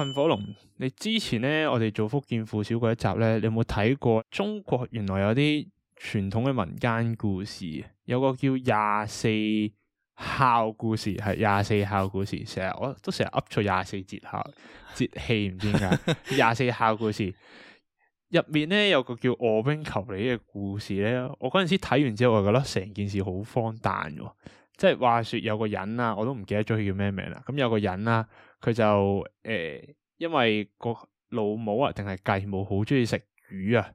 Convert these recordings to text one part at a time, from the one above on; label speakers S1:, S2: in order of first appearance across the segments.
S1: 噴火龍，你之前咧，我哋做福建父小嗰一集咧，你有冇睇過？中國原來有啲傳統嘅民間故事，有個叫廿四孝故事，係廿四孝故事，成日我都成日噏錯廿四節孝節氣唔知點解廿四孝故事入 面咧，有個叫卧冰求鯉嘅故事咧，我嗰陣時睇完之後，我覺得成件事好荒誕喎。即係話説有個人啊，我都唔記得咗佢叫咩名啦。咁有個人啦，佢就誒、呃，因為個老母啊定係繼母好中意食魚啊，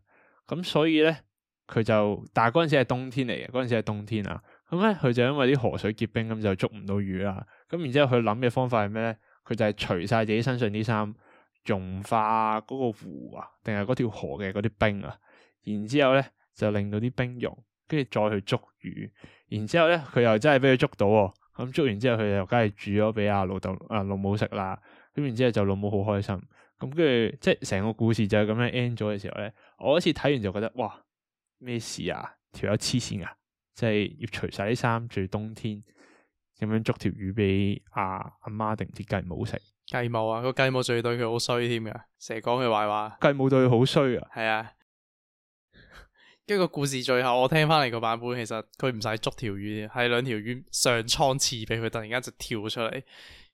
S1: 咁所以咧佢就，但係嗰陣時係冬天嚟嘅，嗰陣時係冬天啊。咁咧佢就因為啲河水結冰，咁就捉唔到魚啦、啊。咁然之後佢諗嘅方法係咩咧？佢就係除晒自己身上啲衫，融化嗰個湖啊，定係嗰條河嘅嗰啲冰啊。然之後咧就令到啲冰溶。跟住再去捉魚，然之後咧佢又真係俾佢捉到、哦，咁捉完之後佢又梗係煮咗俾阿老豆、阿、啊、老母食啦。咁然之後就老母好開心。咁跟住即係成個故事就係咁樣 end 咗嘅時候咧，我一次睇完就覺得哇咩事啊，條友黐線啊，即係要除晒啲衫住冬天，咁樣捉條魚俾阿阿媽定啲繼母食。
S2: 繼母啊，個繼母仲要對佢好衰添㗎，成日講佢壞話。
S1: 繼母對佢好衰啊，
S2: 係啊。跟住個故事最後，我聽翻嚟個版本，其實佢唔使捉條魚，係兩條魚上倉刺俾佢，突然間就跳出嚟。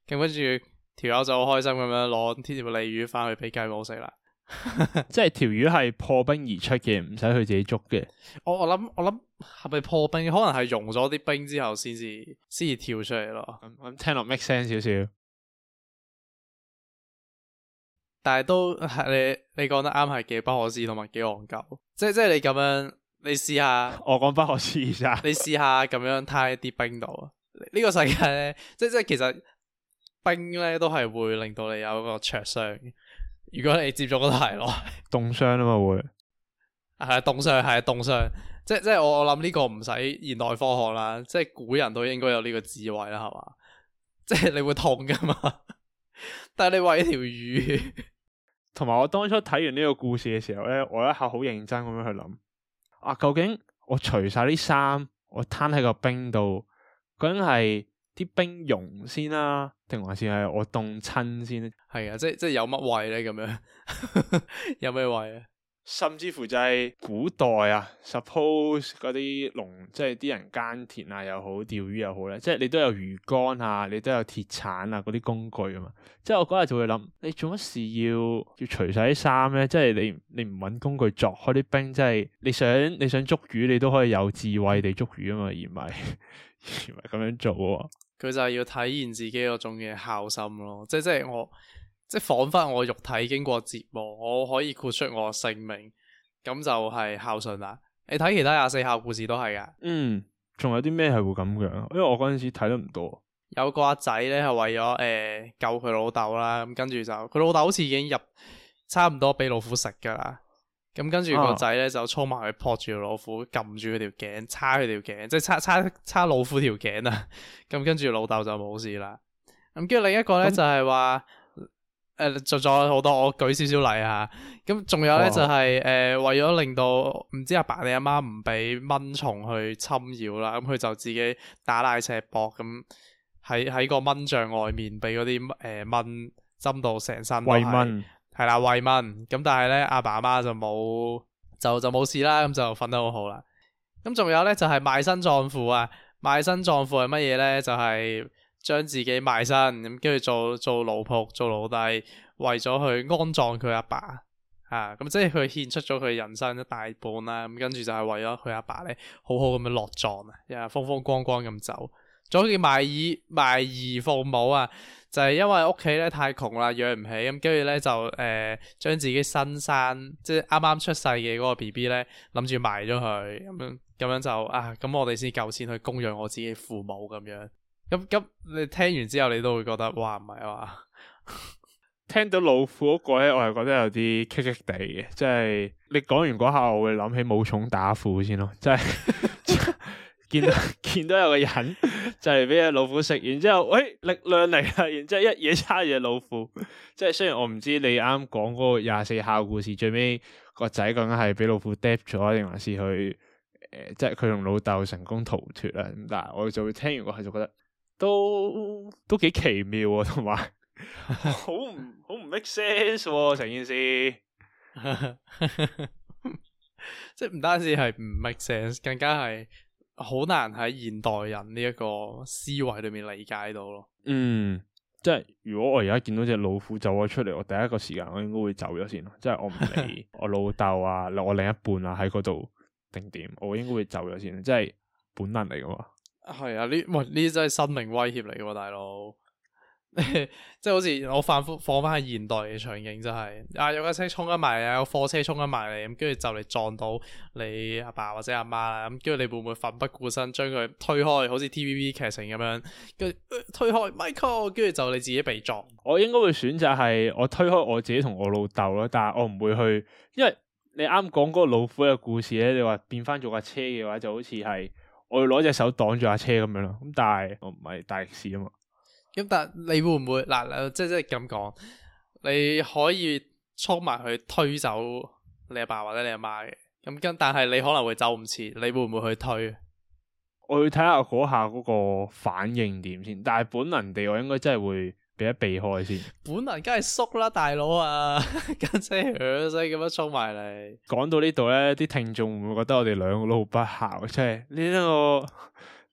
S2: 跟住條友就好開心咁樣攞天條鯉魚翻去俾繼母食啦。
S1: 即係條魚係破冰而出嘅，唔使佢自己捉嘅 。
S2: 我我諗我諗係咪破冰？可能係融咗啲冰之後，先至先至跳出嚟咯。咁 聽落 make sense 少少，少。但係都係你你講得啱，係幾不可思，同埋幾戇鳩。即係即係你咁樣，你試下。我講不可思議而家。你試下咁樣，攤一啲冰度。呢個世界咧，即係即係其實冰咧都係會令到你有一個灼傷。如果你接觸得太耐，
S1: 凍傷啊嘛會？
S2: 係啊凍傷，係啊凍傷。即係即係我我諗呢個唔使現代科學啦，即係古人都應該有呢個智慧啦，係嘛？即係你會痛噶嘛？但係你話一條魚，同埋我當初睇完呢個故事嘅時候咧，我一下好認真咁樣
S1: 去諗，啊究竟我除晒啲衫，我攤喺個冰度，究竟係啲冰融先啦、啊，定還是係我凍親先咧、啊？
S2: 係啊，即即係有乜位咧？咁樣 有咩位啊？甚至乎就係古
S1: 代啊，suppose 嗰啲農即係啲人耕田啊又好，釣魚又好咧，即係你都有魚竿啊，你都有鐵鏟啊嗰啲工具啊嘛，即係我嗰日就會諗，你做乜事要要除晒啲衫咧？即係你你唔揾工具鑿開啲冰，即係、就是、你想你想捉魚，你都可以有智慧地捉魚啊嘛，而唔係 而唔係咁樣做。佢
S2: 就係要體現自己嗰種嘅孝心咯，即係即係我。即係仿佛我肉體經過折磨，我可以豁出我性命，咁、這個、就係孝順啦。你睇其他廿四孝故事都係噶。
S1: 嗯，仲有啲咩係會咁嘅？因為我嗰陣時睇得唔多。
S2: 有個阿仔咧係為咗誒、哎、救佢老豆啦，咁跟住就佢老豆好似已經入差唔多俾老虎食噶啦，咁跟住個仔咧就衝埋去撲住老虎，撳住佢條頸，叉佢條頸，即係叉叉叉老虎條頸啦。咁跟住老豆就冇事啦。咁跟住另一個咧就係話。誒做咗好多，我舉少少例嚇。咁、嗯、仲有呢，就係、是、誒、呃，為咗令到唔知阿爸，爸你阿媽唔俾蚊蟲去侵擾啦，咁、嗯、佢就自己打赤膊，咁喺喺個蚊帳外面俾嗰啲誒蚊針到成身。餵蚊，係啦，餵蚊。咁、嗯、但係呢，阿爸阿媽，媽就冇就就冇事啦，咁、嗯、就瞓得好好啦。咁、嗯、仲有呢，就係、是、賣身葬父啊！賣身葬父係乜嘢呢？就係、是。將自己賣身，咁跟住做做奴僕、做奴隸，為咗去安葬佢阿爸、爸，吓咁即係佢獻出咗佢人生一大半啦。咁跟住就係為咗佢阿爸咧，好好咁樣落葬啊，又係風風光光咁走。仲有件賣兒賣兒奉母啊，就係、是、因為屋企咧太窮啦，養唔起，咁跟住咧就誒將、呃、自己新生即係啱啱出世嘅嗰個 B B 咧，諗住賣咗佢，咁樣咁樣就啊，咁我哋先夠錢去供養我自己父母咁樣。咁咁你聽完之後你都會覺得，哇唔係啊，
S1: 聽到老虎嗰個咧，我係覺得有啲棘棘地嘅，即係你講完嗰下我會諗起武松打虎先咯，即係 見到見到有個人 就嚟俾隻老虎食，完之後誒、哎、力量嚟啊！然之後一嘢叉住隻老虎，即係雖然我唔知你啱講嗰個廿四孝故事最尾個仔究竟係俾老虎 drop 咗定還是佢誒、呃、即係佢同老豆成功逃脱啊？咁但係我就會聽完嗰下就覺得。都都幾奇妙啊，同埋 好唔好唔 make sense 哦、成件事，
S2: 即係唔單止係唔 make sense，更加係好難喺現代人呢一個思維裏面理解到咯。
S1: 嗯，即係如果我而家見到隻老虎走咗出嚟，我第一個時間我應該會走咗先咯，即係我唔理 我老豆啊，我另一半啊喺嗰度定點，我應該會走咗先，即係本能嚟噶嘛。
S2: 係啊，呢唔呢啲真係生命威脅嚟嘅喎，大佬， 即係好似我反覆放翻喺現代嘅場景，真係啊有架車衝緊埋嚟啊，有貨車衝緊埋嚟，咁跟住就嚟撞到你阿爸或者阿媽啦，咁跟住你會唔會奮不顧身將佢推開？好似 T V B 劇情咁樣，跟、呃、推開 Michael，跟住就你自己被撞。我應該會選擇係
S1: 我推開我自己同我老豆咯，但係我唔會去，因為你啱講嗰個老虎嘅故事咧，你話變翻做架車嘅話，就好似係。我要攞隻手擋住架車咁樣咯，咁但係我唔係大力士啊嘛。
S2: 咁、嗯、但係你會唔會嗱，即即係咁講，你可以衝埋去推走你阿爸、爸或者你阿媽嘅。咁、嗯、跟但係你可能會走唔切，你會唔會去推？
S1: 我要睇下嗰下嗰個反應點先，但係本能地我應該真係會。避開先，
S2: 本能梗係縮啦，大佬啊，咁即係使咁樣衝埋嚟。
S1: 講到呢度咧，啲聽眾會唔會覺得我哋兩個都好不孝，啊。即係
S2: 呢一個呢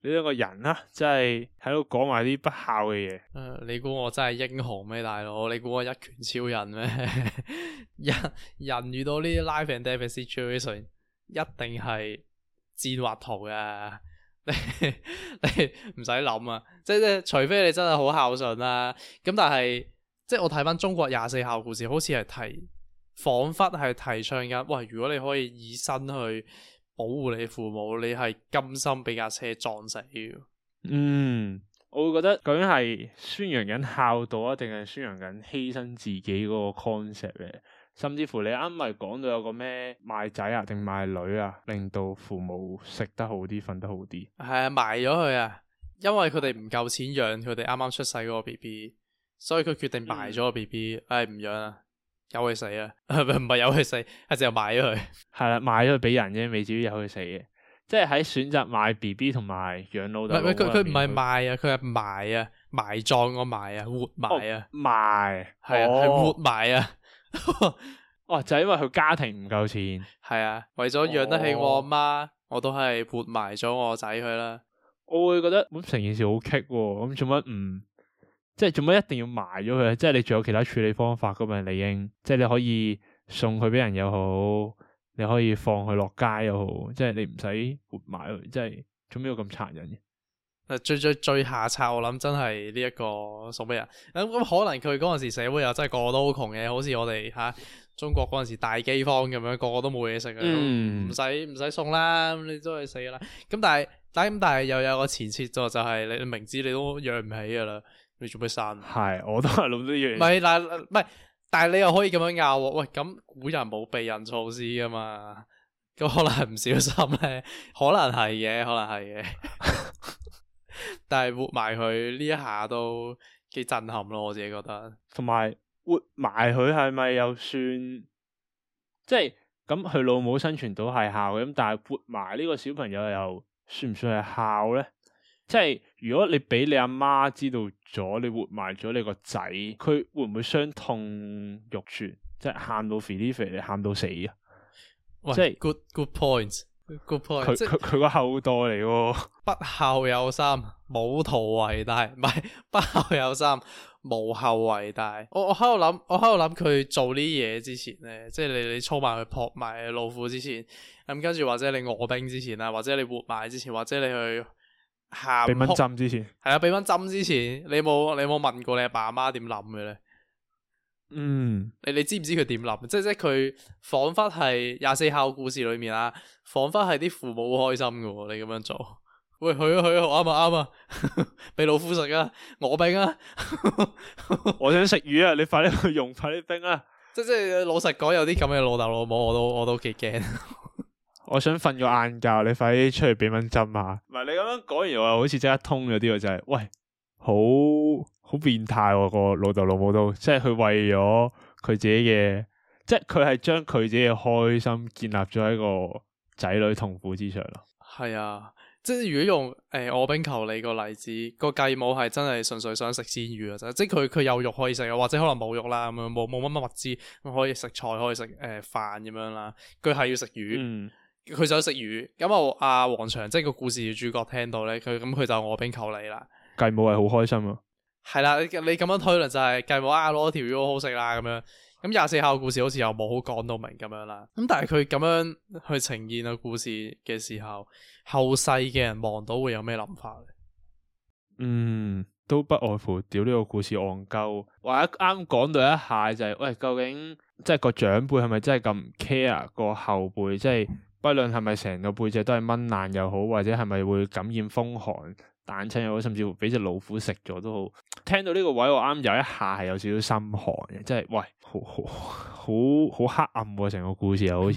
S2: 一，這個人啊，即係喺度講埋啲不孝嘅嘢，呃。你估我真係英雄咩，大佬？你估我一拳超人咩？一 人，人遇到呢啲 life and death situation，一定係戰滑土噶。 你唔使諗啊，即係除非你真係好孝順啦、啊。咁但係即係我睇翻中國廿四孝故事好，好似係提仿佛係提倡緊，喂，如果你可以以身去保護你父母，你係甘心俾架車撞死？
S1: 嗯，我會覺得究竟係宣揚緊孝道啊，定係宣揚緊犧牲自己嗰個 concept 咧？甚至乎你啱咪講到有個咩賣仔啊定賣女啊，令到父母食得好啲，瞓得好啲。
S2: 係啊，賣咗佢啊，因為佢哋唔夠錢養佢哋啱啱出世嗰個 B B，所以佢決定賣咗個 B B，唉，唔、 哎、養啊，由佢死啊，唔 係由佢死，係就賣咗佢。
S1: 係啦、啊，賣咗佢俾人啫，未至於由佢死嘅。即係喺選擇賣 B B 同埋養老。唔係佢佢唔係賣
S2: 啊，佢係埋啊，埋葬個埋啊，活埋、oh, my. 啊，埋係啊，係活埋啊。哇、 啊！就係、是、因為佢家庭唔夠錢，係啊，為咗養得起我阿媽，哦、我都係活埋咗我仔佢啦。我會覺得咁成件
S1: 事好棘咁做乜唔即係做乜一定要埋咗佢？即、就、係、是、你仲有其他處理方法噶嘛？就是、理英理應，即、就、係、是、你可以送佢俾人又好，你可以放佢落街又好，即、就、係、是、你唔使活埋即係做咩要咁殘忍？
S2: 最最最下策，我諗真係呢一個送俾人咁，可能佢嗰陣時社會又真係個個都好窮嘅，好似我哋吓、啊、中國嗰陣時大饑荒咁樣，個個都冇嘢食嘅，唔使唔使送啦，你都去死啦。咁但係，但咁但係又有個前設咗，就係你明知你都養唔起噶啦，你做咩生？
S1: 係我都係諗呢樣。唔係，但
S2: 唔係，但係你又可以咁樣拗？喂，咁古人冇避孕措施噶嘛？咁可能係唔小心咧，可能係嘅，可能係嘅。 但係活埋佢呢一下都幾震撼咯，我自己覺得。同埋活
S1: 埋佢係咪又算即係咁佢老母生存到係孝嘅，咁，但係活埋呢個小朋友又算唔算係孝呢？即係如果你俾你阿媽知道咗你活埋咗你個仔，佢會唔會傷痛欲絕，即係喊到肥啲肥你喊到死啊？喂即係是 good good
S2: point。佢佢佢個後代嚟喎，不孝有三、冇圖為大，唔係不孝有三、無後為大。我我喺度諗，我喺度諗佢做呢嘢之前咧，即係你你操埋佢撲埋老虎之前，咁跟住或者你卧冰之前啦，或者你活埋之前，或者你去下，俾蚊針之前，係啊，俾蚊針之前，你冇你冇問過你阿爸阿媽點諗嘅咧？嗯，你你知唔知佢點諗？即係即係佢仿佛係廿四孝故事裏面啊，仿佛係啲父母好開心嘅、哦。你咁樣做，喂，去啊去啊，啱啊啱啊，俾、啊啊啊、 老夫食啊，我冰啊， 我想食魚啊，你快啲去融快啲冰啊。即係即係老實講，有啲咁嘅老豆老母，我都我都幾驚。
S1: 我想瞓個晏覺，你快啲出嚟畀蚊針啊。
S2: 唔係 你咁樣講完話，
S1: 好似真一通咗啲嘅就係、是，喂，好。好變態喎、啊！個老豆老母都即係佢為咗佢自己嘅，即係佢係將佢自己嘅開心建立咗喺個仔女痛苦之上咯、
S2: 啊。係啊，即係如果用誒、呃、臥冰求鯉個例子，個繼母係真係純粹想食鮮魚啊！即係佢佢有肉可以食，或者可能冇肉啦咁樣，冇冇乜乜物資咁可以食菜，可以食誒、呃、飯咁樣啦。佢係要食魚，佢、嗯、想食魚。咁啊，阿王祥即係個故事主角聽到咧，佢咁佢就臥冰求鯉啦。
S1: 繼母係好開心啊！
S2: 係、就是、啦，你你咁樣推論就係計我啊攞條魚好好食啦咁樣，咁廿四孝故事好似又冇好講到明咁樣啦。咁但係佢咁樣去呈現個故事嘅時候，後世嘅人望到會有咩諗法咧？
S1: 嗯，都不外乎屌呢個故事戇鳩，
S2: 或者啱講到一下
S1: 就係、是、喂，究竟即係個長輩係咪真係咁 care 個後輩？即係不論係咪成個背脊都係蚊爛又好，或者係咪會感染風寒？蛋親又好，甚至乎俾隻老虎食咗都好。聽到呢個位我啱有一下係有少少心寒嘅，即係喂，好好好好黑暗喎！成個故事又好似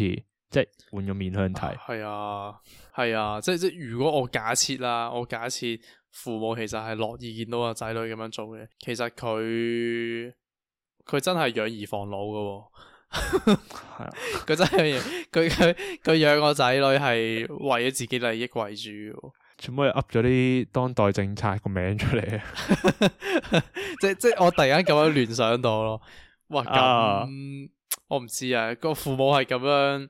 S1: 即係換個面向睇。
S2: 係啊，係啊，啊，即係即係，如果我假設啦，我假設父母其實係樂意見到個仔女咁樣做嘅，其實佢佢真係養兒防老嘅喎、哦。 是啊，佢真係佢佢佢養個仔女係為咗自己利益為主。
S1: 全部又噏咗啲當代政策個名出嚟啊！
S2: 即即我突然間咁樣聯想到咯，哇！咁我唔知啊，個父母係咁樣，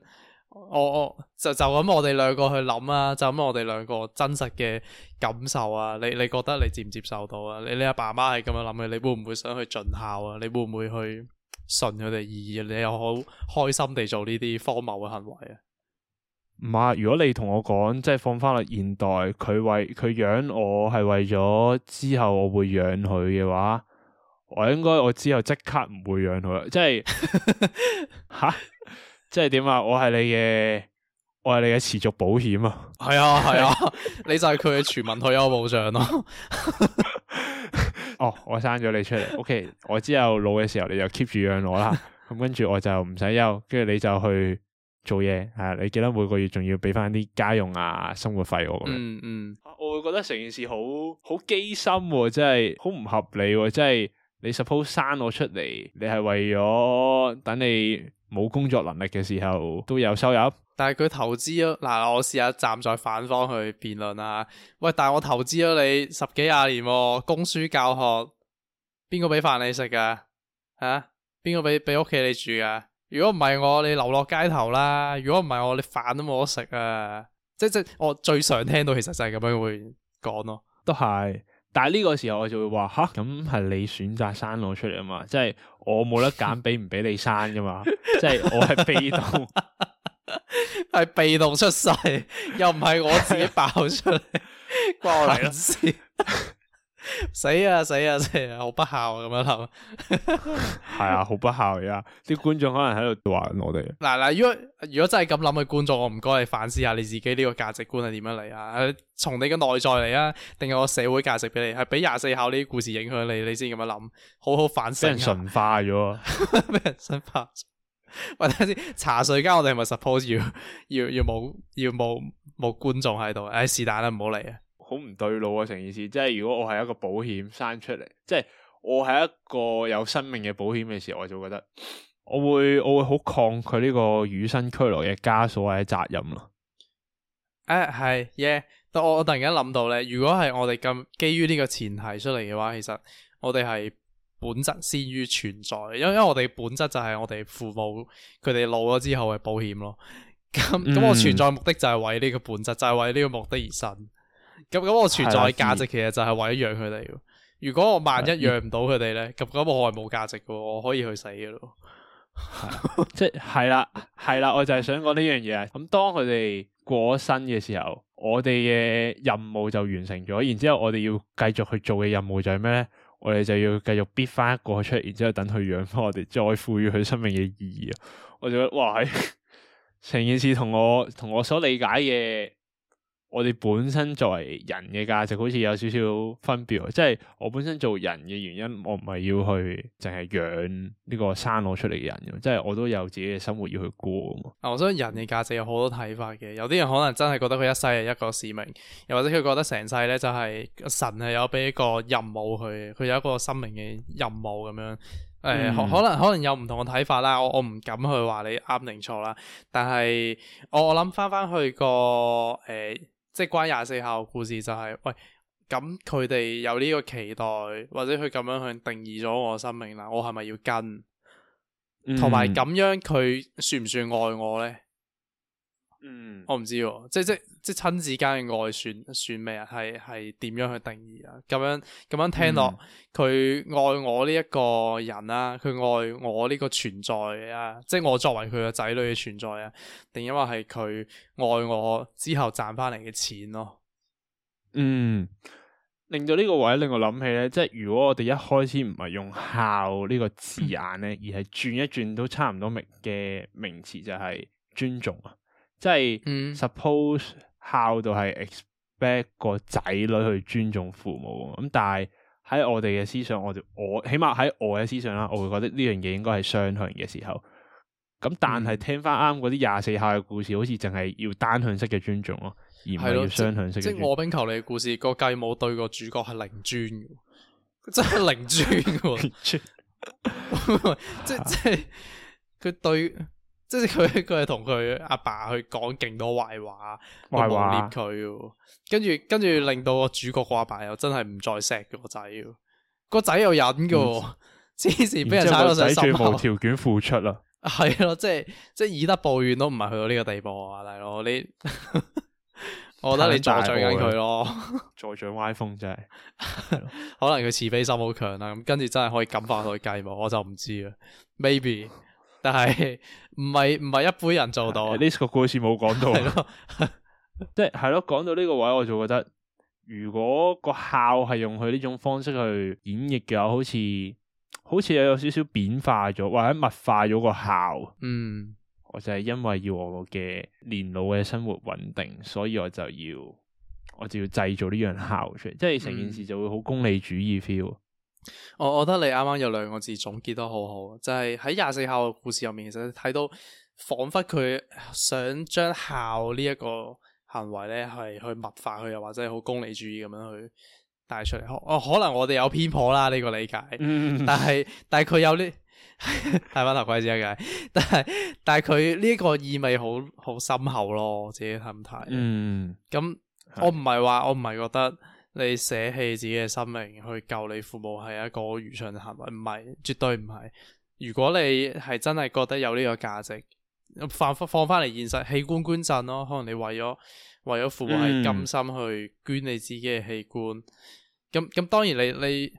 S2: 我樣我，我就就咁我哋兩個去諗啊，就咁我哋兩個真實嘅感受啊！你你覺得你接唔接受到啊？你你阿爸媽係咁樣諗嘅，你會唔會想去盡孝啊？你會唔會去順佢哋意啊？你又好開心地做呢啲荒謬嘅行為啊？
S1: 唔係，如果你同我講，即係放翻落現代，佢為佢養我係為咗之後我會養佢嘅話，我應該我之後即刻唔會養佢，
S2: 即係吓， 即係點啊？我係你嘅，
S1: 我係你嘅持續保險啊！
S2: 係啊係啊，啊 你就係佢嘅全民退休保障咯。
S1: 哦，我生咗你出嚟 ，OK，我之後老嘅時候你就 keep 住養我啦。咁 跟住我就唔使休，跟住你，你就去。做嘢係、啊，你記得每個月仲要俾翻啲家用啊，生活費我咁樣、嗯。嗯嗯，我會覺得成件事好好機心、啊，真係好唔合理、啊。真係你 suppose 生我出嚟，你係為咗
S2: 等你冇工作能力嘅時候都有收入。嗯嗯、但係佢投資咯，嗱、啊，我試下站在反方去辯論啊。喂，但係我投資咗你十幾廿年、啊，供書教學，邊個俾飯你食噶？吓、啊，邊個俾俾屋企你住噶？如果唔係我你流落街頭啦，如果唔係我你飯都冇得食啊！即即我最常聽到其實就係咁樣會講咯，都係。
S1: 但係呢個時候我就會話吓，咁係你選擇生我出嚟啊嘛，即係我冇得揀，
S2: 俾唔俾你生噶嘛， 即係我係被動，係被動出世，又唔係我自己爆出嚟，關 我嚟嘅事。死啊！死啊！死啊！好不孝咁樣諗。係啊，好、 啊、不
S1: 孝呀、啊！啲觀眾可能喺度話我哋，
S2: 嗱嗱，如果如果真係咁諗嘅觀眾，我唔該你反思下你自己呢個價值觀係點樣嚟啊？從你嘅內在嚟啊，定係個社會價值俾你？係俾廿四孝呢啲故事影響你，你先咁樣諗，好好反思。俾 人神化咗，俾人神化。喂，等先，茶水間我哋係咪 suppose 要要要冇要冇冇觀眾喺度？哎，是但啦，唔好嚟啊！
S1: 好唔對路啊！成件事，即係如果我係一個保險生出嚟，即係我係一個有生命嘅保險嘅時候，我就覺得我會我會好抗拒呢個與生俱來嘅枷鎖或者責任咯。
S2: 誒係耶！我、yeah, 我突然間諗到咧，如果係我哋咁基於呢個前提出嚟嘅話，其實我哋係本質先於存在，因為因為我哋本質就係我哋父母佢哋老咗之後嘅保險咯。咁咁我存在目的就係為呢個本質，mm. 就係為呢個目的而生。咁咁，我存在價值其實就係為咗養佢哋。如果我萬一養唔到佢哋咧，咁咁 我係冇價值嘅。我可以去死嘅咯。 即係係啦，係啦，我就係想講呢樣嘢。咁當佢哋
S1: 過咗身嘅時候，我哋嘅任務就完成咗。然之後，我哋要繼續去做嘅任務就係咩咧？我哋就要繼續逼翻一個出嚟，然之後等佢養翻我哋，再賦予佢生命嘅意義。我就覺得哇，成件事同我同我所理解嘅。我哋本身作為人嘅價值，好似有少少分別，即係我本身做人嘅原因，我唔係要去淨係養呢個生我出嚟嘅人，即係我都有自己嘅生活要去過啊！
S2: 我想、哦、人嘅價值有好多睇法嘅，有啲人可能真係覺得佢一世係一個使命，又或者佢覺得成世咧就係神係有俾一個任務佢，佢有一個生命嘅任務咁樣。誒、呃嗯，可能可能有唔同嘅睇法啦，我我唔敢去話你啱定錯啦。但係我我諗翻翻去個誒。呃即係關廿四孝故事就係、是、喂，咁佢哋有呢個期待，或者佢咁樣去定義咗我生命啦，我係咪要跟？同埋咁樣佢算唔算愛我呢？嗯，我唔知喎，即即。即係親子間嘅愛算算咩啊，係係點樣去定義、嗯、啊？咁樣咁樣聽落，佢愛我呢一個人啦、啊，佢愛我呢個存在啊，即係我作為佢嘅仔女嘅存在啊，定因為係佢愛我之後賺翻嚟嘅錢咯、
S1: 啊？嗯，
S2: 令到呢
S1: 個位令我諗起咧，即係如果我哋一開始唔係用孝呢個字眼咧，嗯、而係轉一轉都差唔多名嘅名詞，就係尊重啊，即係、嗯、suppose。孝到係 expect 個仔女去尊重父母，咁但係喺我哋嘅思想，我哋，我起碼喺我嘅思想啦、啊，我會覺得呢樣嘢應該係雙向嘅時候。咁但係聽翻啱嗰啲廿四孝嘅故事，好似淨係要單向式嘅尊重咯、啊，而唔係要雙向式。即係
S2: 卧冰求鯉嘅故事，個繼母對個主角係零尊，真係零尊，即係佢對。即係佢，佢係同佢阿爸去講勁多壞話，去污衊佢。跟住，跟住令到個主角個阿爸，爸又真係唔再錫個仔，個仔又忍噶，黐線，俾人踩到上心口。仔最無條
S1: 件付出啦，
S2: 係咯，即係即係以德報怨都唔係去到呢個地步啊，大佬你， 我覺得你助長緊佢咯，助長 歪風真係， 可能佢慈悲心好強啦，咁跟住真係可以感化佢計嘛，我就唔知啦，maybe。但係唔係唔係一般人做到。呢
S1: 個故事冇講到，
S2: 即係，係咯，講到呢個位，我就覺得如果個孝係用
S1: 佢呢種方式去演繹嘅話，好似好似又有少少變化咗，或者物化咗個孝。嗯，我就係因為要我嘅年老嘅生活穩定，所以我就要我就要製造呢樣孝出嚟，嗯、即係成件事就會好功利主義 feel。
S2: 我我覺得你啱啱有兩個字總結得好好，就係喺廿四孝嘅故事入面，其實睇到仿佛佢想將孝呢一個行為咧係去物化佢，又或者係好功利主義咁樣去帶出嚟。哦，可能我哋有偏頗啦呢個理解，但係但係佢有呢，係乜頭鬼知解，但係但係佢呢一個意味好好深厚咯，自己睇咁，我唔係話我唔係覺得。你捨棄自己嘅生命去救你父母係一個愚蠢嘅行為，唔係，絕對唔係。如果你係真係覺得有呢個價值，放放翻嚟現實器官捐贈咯，可能你為咗為咗父母係甘心去捐你自己嘅器官，咁咁、嗯、當然你你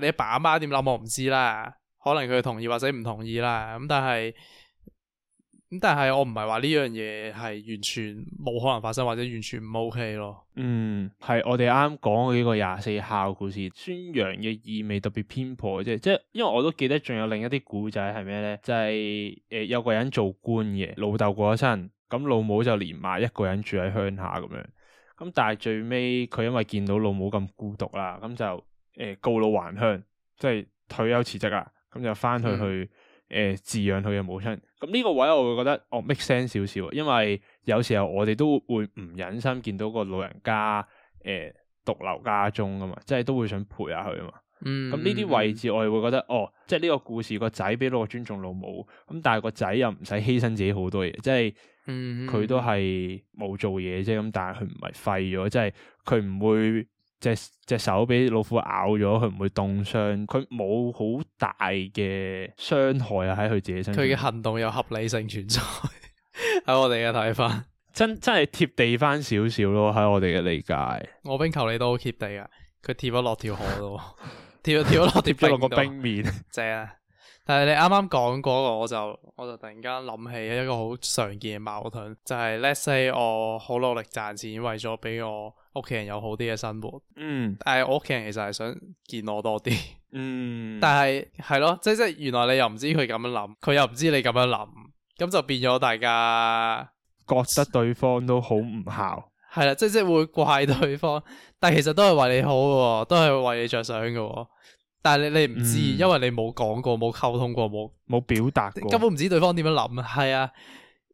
S2: 你阿爸阿媽點諗我唔知啦，可能佢同意或者唔同意啦，咁但係。咁但係我唔係話呢樣嘢係完全冇可能發生或者完全唔 OK 咯。
S1: 嗯，係我哋啱啱講嗰幾個廿四孝故事，宣揚嘅意味特別偏頗，即係即係，因為我都記得仲有另一啲古仔係咩咧？就係、是、誒、呃、有個人做官嘅，老豆過咗身，咁老母就年邁一個人住喺鄉下咁樣。咁但係最尾佢因為見到老母咁孤獨啦，咁就誒、呃、告老還鄉，即係退休辭職啊，咁就翻去去、嗯。誒，飼養佢嘅母親，咁呢個位我會覺得哦 make sense 少少，因為有時候我哋都會唔忍心見到個老人家誒獨留家中噶嘛，即係都會想陪下佢啊嘛。
S2: 咁呢啲位
S1: 置我哋會覺得哦，即係呢個故事個仔俾到個尊重老母，咁但係個仔又唔使犧牲自己好多嘢，即係佢都係冇做嘢啫。係咁，但係佢唔係廢咗，即係佢唔會。只隻手畀老虎咬咗，佢唔會凍傷，佢冇好大嘅傷害啊！喺佢自己身上。佢嘅
S2: 行動有合理性存在，喺 我哋嘅睇法，真
S1: 真係貼地返少少咯，喺我哋嘅理解，
S2: 臥冰求鯉都好貼地啊！佢貼咗落條河度，貼咗貼咗落個冰面， 正啊。係。但係你啱啱講嗰個，我就我就突然間諗起一個好常見嘅矛盾，就係、是、let’s say 我好努力賺錢，為咗俾我屋企人有好啲嘅生活。嗯。但係我屋企人其實係想見我多啲。嗯。但係係咯，即即係原來你又唔知佢咁樣諗，佢又唔知你咁樣諗，咁就變咗大家覺得
S1: 對方都好唔孝。
S2: 係啦， 即即係會怪對方，但係其實都係為你好嘅、喎，都係為你着想嘅、喎。但係你你唔知，嗯、因為你冇講過，冇溝通過，冇冇表達過，根本唔知對方點樣諗。係啊，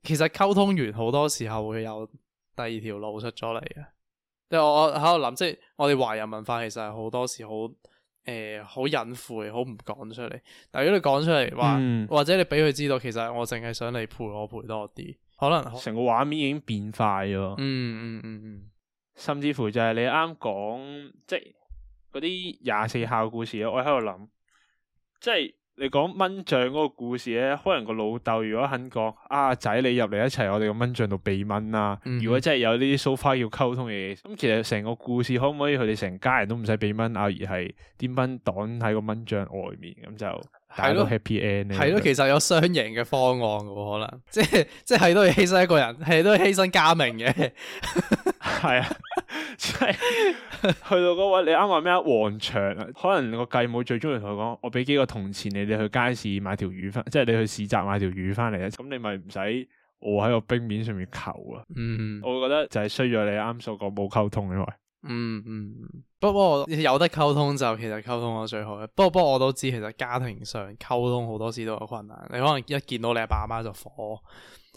S2: 其實溝通完好多時候會有第二條路出咗嚟嘅。即係我喺度諗，即係我哋、就是、華人文化其實係好多時好誒好隱晦，好唔講出嚟。但係如果你講出嚟，話、嗯、或者你俾佢知道，其實我淨係想你陪我陪多啲，可能成個畫面已經變快咗、嗯。嗯嗯嗯嗯，嗯甚至乎就係你啱講，即、就是嗰
S1: 啲廿四孝故事咧，我喺度諗，即係你講蚊帳嗰個故事咧，可能個老豆如果肯講，阿仔你入嚟一齊，我哋個蚊帳度避蚊啦。嗯、如果真係有呢啲抒發要溝通嘅嘢，咁其實成個故事可唔可以佢哋成家人都唔使避蚊啊，而係啲蚊擋喺個蚊帳外面咁就，係咯 happy end。係咯，其
S2: 實有雙贏嘅方案噶，可能即係即係都係犧牲一個人，係 都係犧牲家明嘅。 係啊，即係 去到嗰位，你啱話咩啊？
S1: 王祥啊，可能個繼母最中意同佢講，我俾幾個銅錢你哋，去街市買條魚翻，即係你去市集買條魚翻嚟咧，咁你咪唔使我喺個冰面上面求啊！
S2: 嗯，我
S1: 會覺得就係衰在你啱所講冇溝通因為，
S2: 嗯嗯，不過有得溝通就其實溝通咗最好嘅。不過不過我都知，其實家庭上溝通好多時都有困難。你可能一見到你阿爸阿媽就火，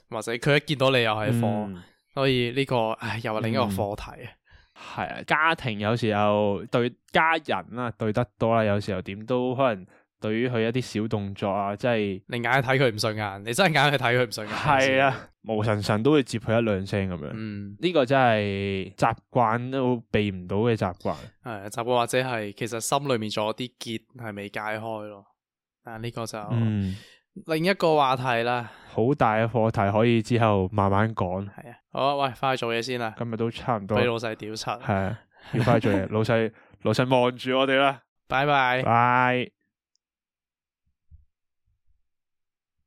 S2: 或者佢一見到你又係火。嗯所以呢、這個，唉，又係另一個課
S1: 題。係、嗯、啊，家庭有時候對家人啦、啊，對得多啦、啊，有時候點都可能對於佢一啲小動作啊，即、就、係、是、你
S2: 硬係睇佢唔順眼，你真係硬係睇佢唔順眼。係啊，啊
S1: 無神神都會接佢一兩聲咁樣。嗯，呢個真係習慣都避唔到嘅習慣。
S2: 係習慣或者係其實心裏面仲有啲結係未解開咯。啊，呢個就嗯。另一個話題啦，
S1: 好大嘅課題，可以之後慢慢講。
S2: 係啊，好，喂，翻去做嘢先啦。今日都差唔多俾老細屌柒。係啊，
S1: 要翻去做嘢， 老細老細望住我哋啦。拜拜 bye。拜。